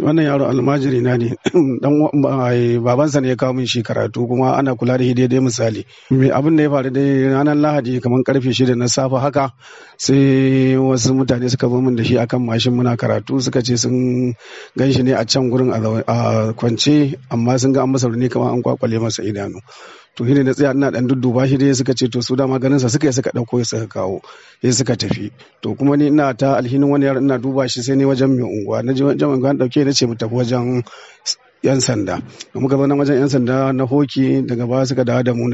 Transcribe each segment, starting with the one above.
wannan yaro almajiri na ne dan babansa ne ya kawo min shi karatu kuma ana kula da shi daidai misali me abin da ya faru dai ranar lahadi kamar karfe shida na safe haka sai wasu mutane suka zo min da shi akan mashin muna karatu suka ce sun gan shi ne a can gurin a kwance amma sun ga an masa ne kamar an kwakwale masa idanu to shine ne na tsaya ina dan dudduba shi dai suka ce to su dama ganin sa suka yi suka dauko suka kawo sai suka tafi to kuma ni ina ta alhinin wani yar ina duba shi sai ne wajen mai unguwa na je wajen unguwa dauke na ce mu tafi wajen yan sanda da muka zo nan wajen yan sanda na hoki daga baya suka dawo da mu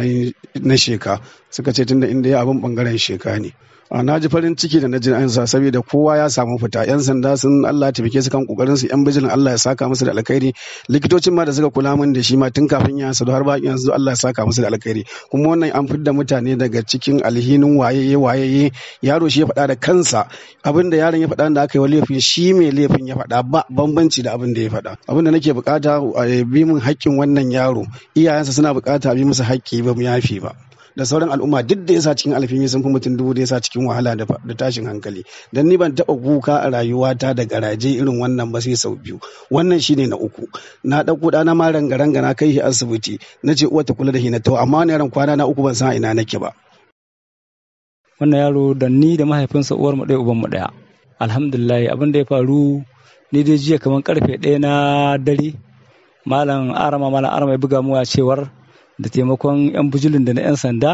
na sheka suka ce tunda inda ya abin bangaren sheka ne Ah, na ji farin ciki da na ji an sa saboda kowa ya samu fita yan sanda sun Allah taimake su kan kokarin su yan bijin Allah ya saka musu da alkhairi likitocin ma da suka kula min da shi ma tun kafin ya sadu har bakin yanzu Allah ya saka musu da alkhairi kuma wannan an fidda mutane daga cikin alhinin wayeye wayeye yaro shi ya fada da kansa Abin da yaron ya faɗa da aka yi laifin shi mai laifin ya fada. ba bambanci da abin da ya fada. abin da nake bukata a bi min haƙƙin wannan yaro iyayensa suna bukata a bi musu haƙƙi ba mu yafi ba da sauran al'umma duk da yasa cikin alfini sun fi mutum dubu da yasa cikin wahala da tashin hankali dan ni ban taba kuka a rayuwata da garaje irin wannan ba sai sau biyu wannan shine na uku na dauko dana ma ranga ranga na kai shi asibiti nace ce uwa ta kula da shi na tawo amma wani yaron kwana na uku ban san ina nake ba wannan yaro da ni da mahaifinsa uwar mu ɗaya uban mu ɗaya alhamdulillah abin da ya faru ni dai jiya kamar karfe ɗaya na dare malam arama malam arama ya buga mu a cewar da taimakon 'yan bujulin da na 'yan sanda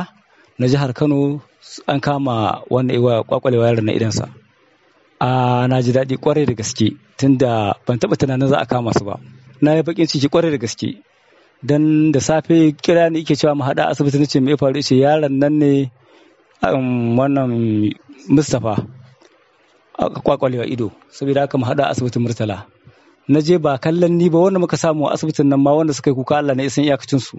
na jihar kano an kama wanda iwa kwakwalewa yaron na idansa a na ji daɗi kwarai da gaske tunda ban taɓa tunanin za a kama su ba na yi bakin ciki kwarai da gaske dan da safe kira ni ke cewa mu haɗa asibiti ce me faru ce yaron nan ne um, wannan Mustapha a kwakwalewa ido saboda haka mu haɗa asibitin Murtala na je ba kallon ni ba wanda muka samu a asibitin nan ma wanda suka yi kuka Allah na isan iyakacin su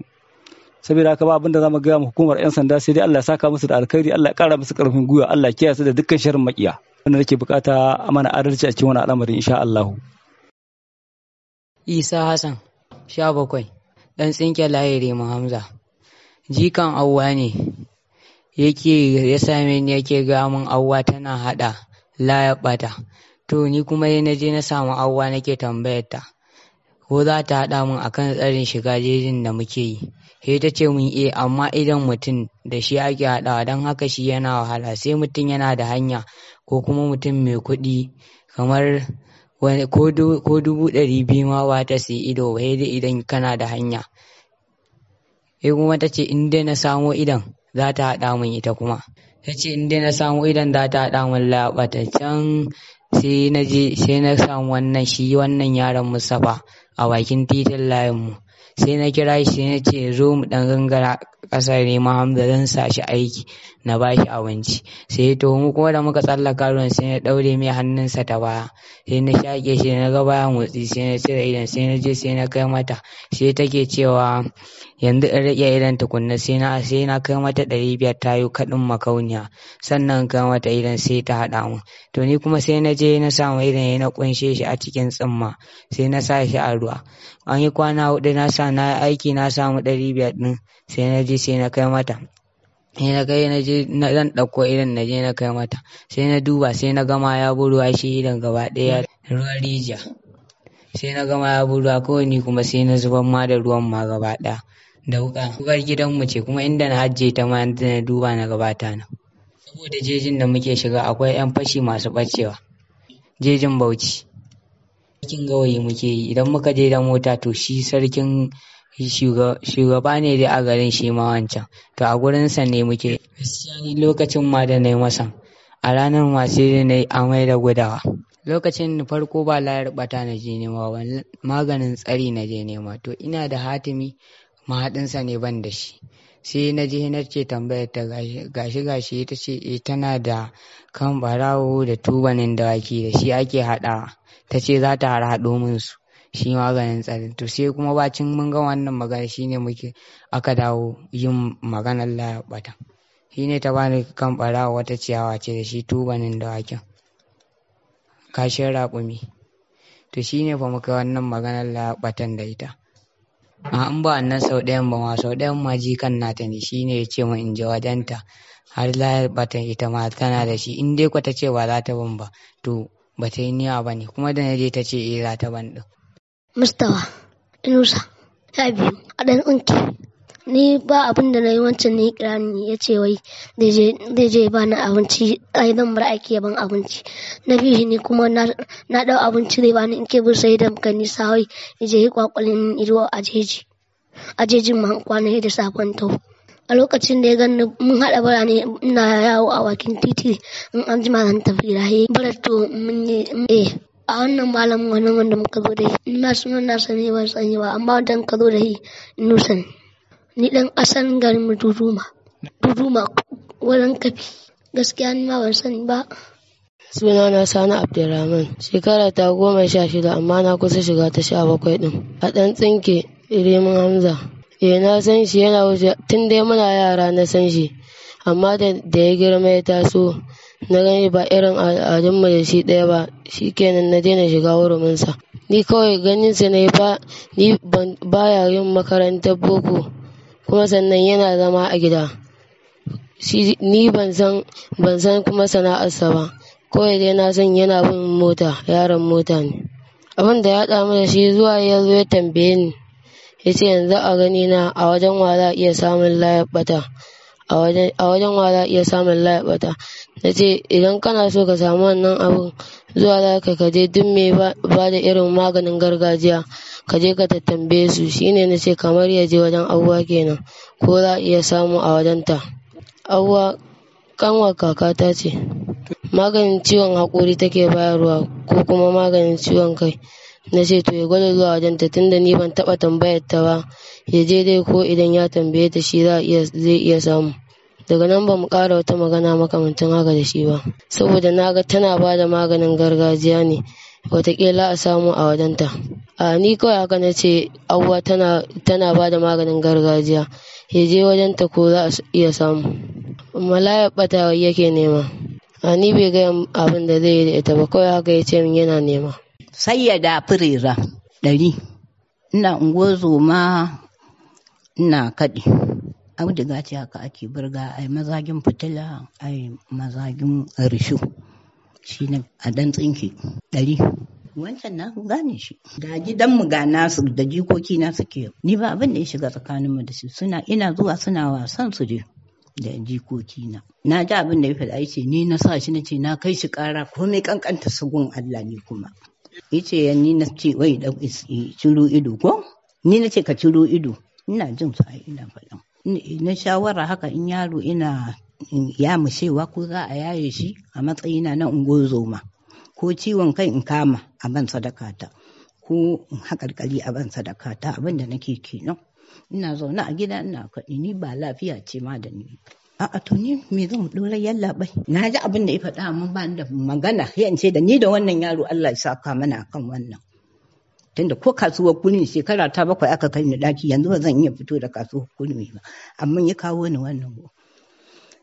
saboda haka ba abin da za mu gaya mu hukumar yan sanda sai dai Allah ya saka musu da alkhairi Allah ya kara musu karfin gwiwa Allah ya kiyaye da dukkan sharrin makiya wanda nake bukata mana adalci a cikin wannan al'amarin insha Allah Isa Hassan sha bakwai dan tsinke layire mu Hamza jikan Auwa ne yake ya same ni yake ga mun Auwa tana hada laya bata to ni kuma yana je na samu Auwa nake tambayar ta ko za ta haɗa mun akan tsarin shiga jejin da muke yi sai ta ce mun iya eh, amma idan mutum da shi ake haɗawa don haka shi yana wahala sai mutum yana da hanya ko kuma mutum mai kuɗi kamar ko dubu ɗari biyu ma ba ta sai ido ba sai dai idan kana da hanya sai kuma ta ce in dai na samo idan za ta haɗa min ita kuma ta ce in dai na samo idan za ta haɗa min laɓataccen sai na je sai na samu wannan shi wannan yaron Mustapha a bakin titin layinmu sai na kira shi sai na ce zo mu dan gangara ƙasa ne Hamza sa shi aiki na bashi abinci sai ya taho mu kuma da muka tsallaka ruwan sai na daure mai hannunsa ta baya sai na shaƙe shi na ga baya motsi sai na cire idon sai na je sai na kai mata sai take cewa yanzu in riƙe irin tukunna sai na sai na kai mata ɗari biyar ta yi kaɗin makauniya sannan kai mata idon sai ta haɗa mu to ni kuma sai na je na samu idan ya na ƙunshe shi a cikin tsimma sai na sa shi a ruwa an yi kwana huɗu na sa na aiki na samu ɗari biyar ɗin sai na je sai na kai mata sai na kai na na dan ɗauko irin na na kai mata sai na duba sai na gama ya bi shi idan gaba daya ruwan rijiya sai na gama ya bi ruwa ni kuma sai na zuban ma da ruwan ma gaba daya da wuka gidan gidanmu ce kuma inda na hajje ta ma na duba na gabata na saboda jejin da muke shiga akwai yan fashi masu bacewa jejin bauchi cikin gawayi muke yi idan muka je da mota to shi sarkin shugaba ne dai a garin shi ma wancan to a gurinsa ne muke gaskiya lokacin ma da na yi masa a ranar masu sai ne a mai amai da gudawa lokacin farko ba layar bata na je nema ba maganin tsari na je nema to ina da hatimi mahaɗinsa ne ban da shi sai na je na ce tambayar ta gashi gashi ta ce e tana da kan barawo da tubanin dawaki da shi ake haɗawa ta ce za ta haɗo min su shi maganin tsarin to sai kuma bacin mun ga wannan magana shine muke aka dawo yin maganar laɓatan shi ne ta bani kan ɓarawa wata ciyawa ce da shi tubanin da waken kashin raƙumi to shi ne fa muka wannan maganar laɓatan da ita a in ba annan sau ɗayan ba ma sau ɗayan ma ji kan nata ne shi ne ya ce min in je wajenta har batan ita ma tana da shi in dai kwata ta ce ba za ta ban ba to ba ta yi niyya ba ne kuma da na je ta ce eh za ta ban ɗin Mustawa, Inusa, A ɗan Unki. Ni ba abin da na yi wancan ne kirani ya ce wai zai je ba na abinci ai zan bar aiki ya ban abinci. Na biyu shi ne kuma na dau abinci zai bani in ke bu sai da muka nisa wai ya je yi kwakwalin ido a jeji. A jejin ma kwana da safon to. A lokacin da ya gani mun haɗa bara ne ina yawo a wakin titi in an jima zan tafi rahe. Bara to mun yi eh, a wannan malamin wani wanda muka zo da shi ina sunan na sani ban sani ba amma dan ka zo da shi nusan ni dan asan garin mu duduma duduma wajen kafi gaskiya ni ma ban sani ba suna na sani abdulrahman shekara ta goma sha shida amma na kusa shiga ta sha bakwai din a dan tsinke irimin hamza eh na san shi yana wuce tun dai muna yara na san shi amma da ya girma ya taso na gani ba irin al'adun al'adunmu da shi ɗaya ba shi kenan na daina shiga huruminsa ni kawai ganinsa ne ba ni ya yin makarantar boko kuma sannan yana zama a gida ni ban san ban san kuma sana'arsa ba kawai dai na san yana bin mota yaron mota ne abin da ya damu da shi zuwa ya zo ya tambaye ni ya ce yanzu a gani na a wajen wala iya samun layar bata a wajen wa za a iya samun laibata na ce idan kana so ka samu wannan abun zuwa za ka kaje duk mai ba da irin maganin gargajiya ka je ka tattambe su shine na ce kamar ya je wajen abuwa kenan ko za a iya samu a abuwa kanwa kaka ta ce maganin ciwon haƙori take bayarwa ko kuma maganin ciwon kai Na ce to ya gwada zuwa wajenta tunda ni ban taba taɓa ta ba, Ya je dai ko idan ya tambaye ta shi zai iya samu. Daga nan bamu ƙara wata magana makamancin haka da shi ba, saboda na ga tana ba da maganin gargajiya ne watakila a samu a wajenta. A ni kawai haka na ce Hauwa tana ba da maganin gargajiya, Ya wajen ta ko a iya samu. malaya ɓata yake nema, A ni bai gaya abin da zai yi da ita ba kawai haka ya ce min yana nema. sayyada firira ɗari ina ungozo ma ina kaɗi auduga ce haka ake burga ai mazagin fitila ai mazagin rishu shi ne a dan tsinki ɗari wancan na gane shi da gidan mu ga nasu da jikoki na suke ni ba abin da ya shiga tsakanin mu da su suna ina zuwa suna wasan su je da jikoki na na ji abin da ya faɗa ce ni na sa shi na ce na kai shi kara komai kankanta sugun Allah ne kuma yace ya ni na ce wai da ciro ido ko ni na ce ka ciro ido ina jin su ai ina faɗin na shawara haka in yaro ina ya mushewa ko za a yaye shi a matsayina na ungozoma ko ciwon kai in kama a ban sadakata ko in haƙarƙari a ban sadakata abin da nake kenan ina zaune a gida ina kaɗi ni ba lafiya ce ma da ni A'a to ni me zan dora yalla bai. Na ji abin da ya faɗa mun ba da magana Yan ce da ni da wannan yaro Allah ya saka mana akan wannan. Tunda ko kasuwar kunin shekara ta bakwai aka kai ni daki. yanzu ba zan iya fito da kasuwar kunin ba amma ya kawo ni wannan go.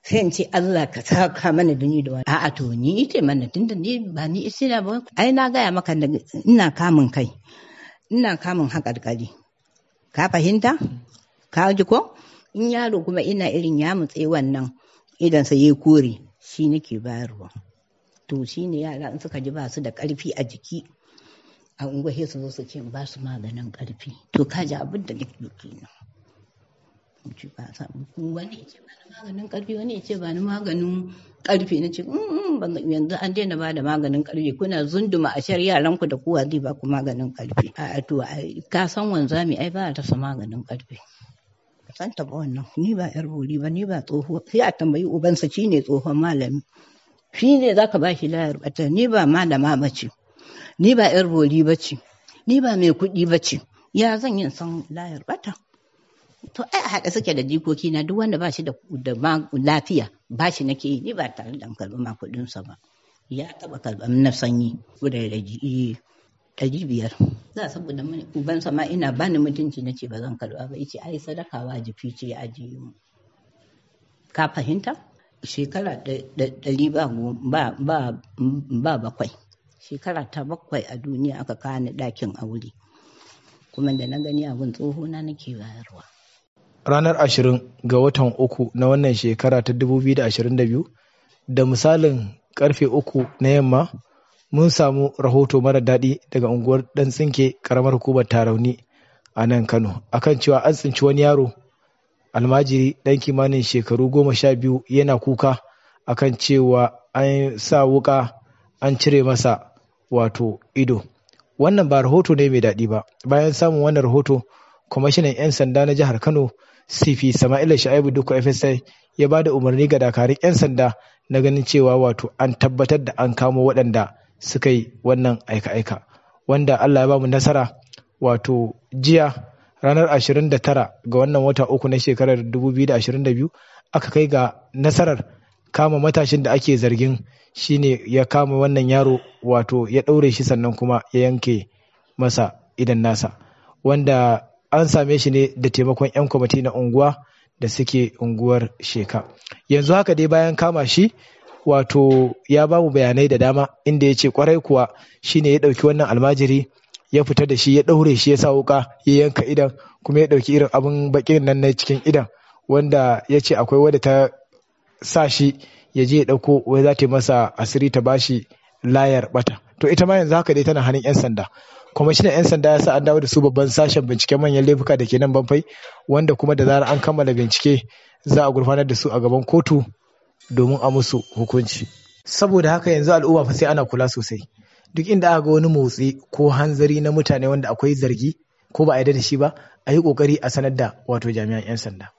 sai in ce Allah ka saka mana da ni da wannan. a'a to ni ce mana tunda ni ba ni isina ba ai na gaya maka ina kamun kai ina kamun haƙarƙari ka fahimta ka ji ko in yaro kuma ina irin ya mutse wannan idan sa yi kore shi nake bayarwa to shine yara in suka ji ba su da karfi a jiki a unguwa su zo su ce ba su maganin karfi to ka ji abin da nake kenan ci ba sa wani ya ce ba na maganin karfi wani ya ce ba na maganin karfi na ce yanzu an daina ba da maganin karfi kuna zunduma a shar yaran ku da kowa zai ba ku maganin karfi a to ka san wanzami ai ba ta sa maganin karfi san wannan ni ba yar bori ba ni ba tsoho sai a tambayi ubansa shi ne tsohon malami shi ne zaka ba shi layar bata ni ba malama ba ce ni ba yar bori ba ce ni ba mai kuɗi ba ce ya zan yin san layar bata to ai a haɗa suke da jikoki na duk wanda ba shi da lafiya ba shi nake yi ni ba tare da karɓi ma kuɗinsa ba ya taɓa karɓar na sanyi da gudairaji eh, ɗari biyar. Za saboda uban sama ina bani mutunci na ce ba zan karɓa ba ice ai sadaka wajibi ce a mu. Ka fahimta? Shekara ɗari ba bakwai. Shekara ta bakwai a duniya aka kani ɗakin aure. Kuma da na gani abin tsoho na nake bayarwa. Ranar ashirin ga watan uku na wannan shekara ta dubu biyu da misalin karfe uku na yamma mun samu rahoto mara daɗi daga unguwar ɗan tsinke karamar hukumar tarauni a nan kano akan cewa an tsinci wani yaro almajiri ɗan kimanin shekaru goma sha biyu yana kuka akan cewa an sa wuka an cire masa wato ido wannan ba rahoto ne mai daɗi ba bayan samun wannan rahoto kwamishinan 'yan sanda na jihar kano cp sama'ila sha'ibu duka fsi ya ba da umarni ga dakarun 'yan sanda na ganin cewa wato an tabbatar da an kamo waɗanda suka yi wannan aika-aika wanda Allah ya bamu nasara wato jiya ranar 29 ga wannan wata uku na shekarar 2022 aka kai ga nasarar kama matashin da ake zargin shine ya kama wannan yaro wato ya ɗaure shi sannan kuma ya yanke masa idan nasa wanda an same shi ne da taimakon 'yan kwamiti na unguwa da suke unguwar sheka yanzu haka dai bayan kama shi wato ya ba mu bayanai da dama inda ya ce kwarai kuwa shi ne ya ɗauki wannan almajiri ya fita da shi ya ɗaure shi ya sa wuka ya yanka idan kuma ya ɗauki irin abin bakin nan na cikin idan wanda ya ce akwai wadda ta sa shi ya je ya ɗauko wai za ta masa asiri ta bashi layar bata to ita ma yanzu haka dai tana hannun 'yan sanda kuma kwamishinan 'yan sanda ya sa an dawo da su babban sashen binciken manyan laifuka da ke nan banfai wanda kuma da zarar an kammala bincike za a gurfanar da su a gaban kotu domin a musu hukunci saboda haka yanzu al'umma fa sai ana kula sosai duk inda aka ga wani motsi ko hanzari na mutane wanda akwai zargi ko ba a yarda da shi ba a yi kokari a sanar da wato jami'an 'yan sanda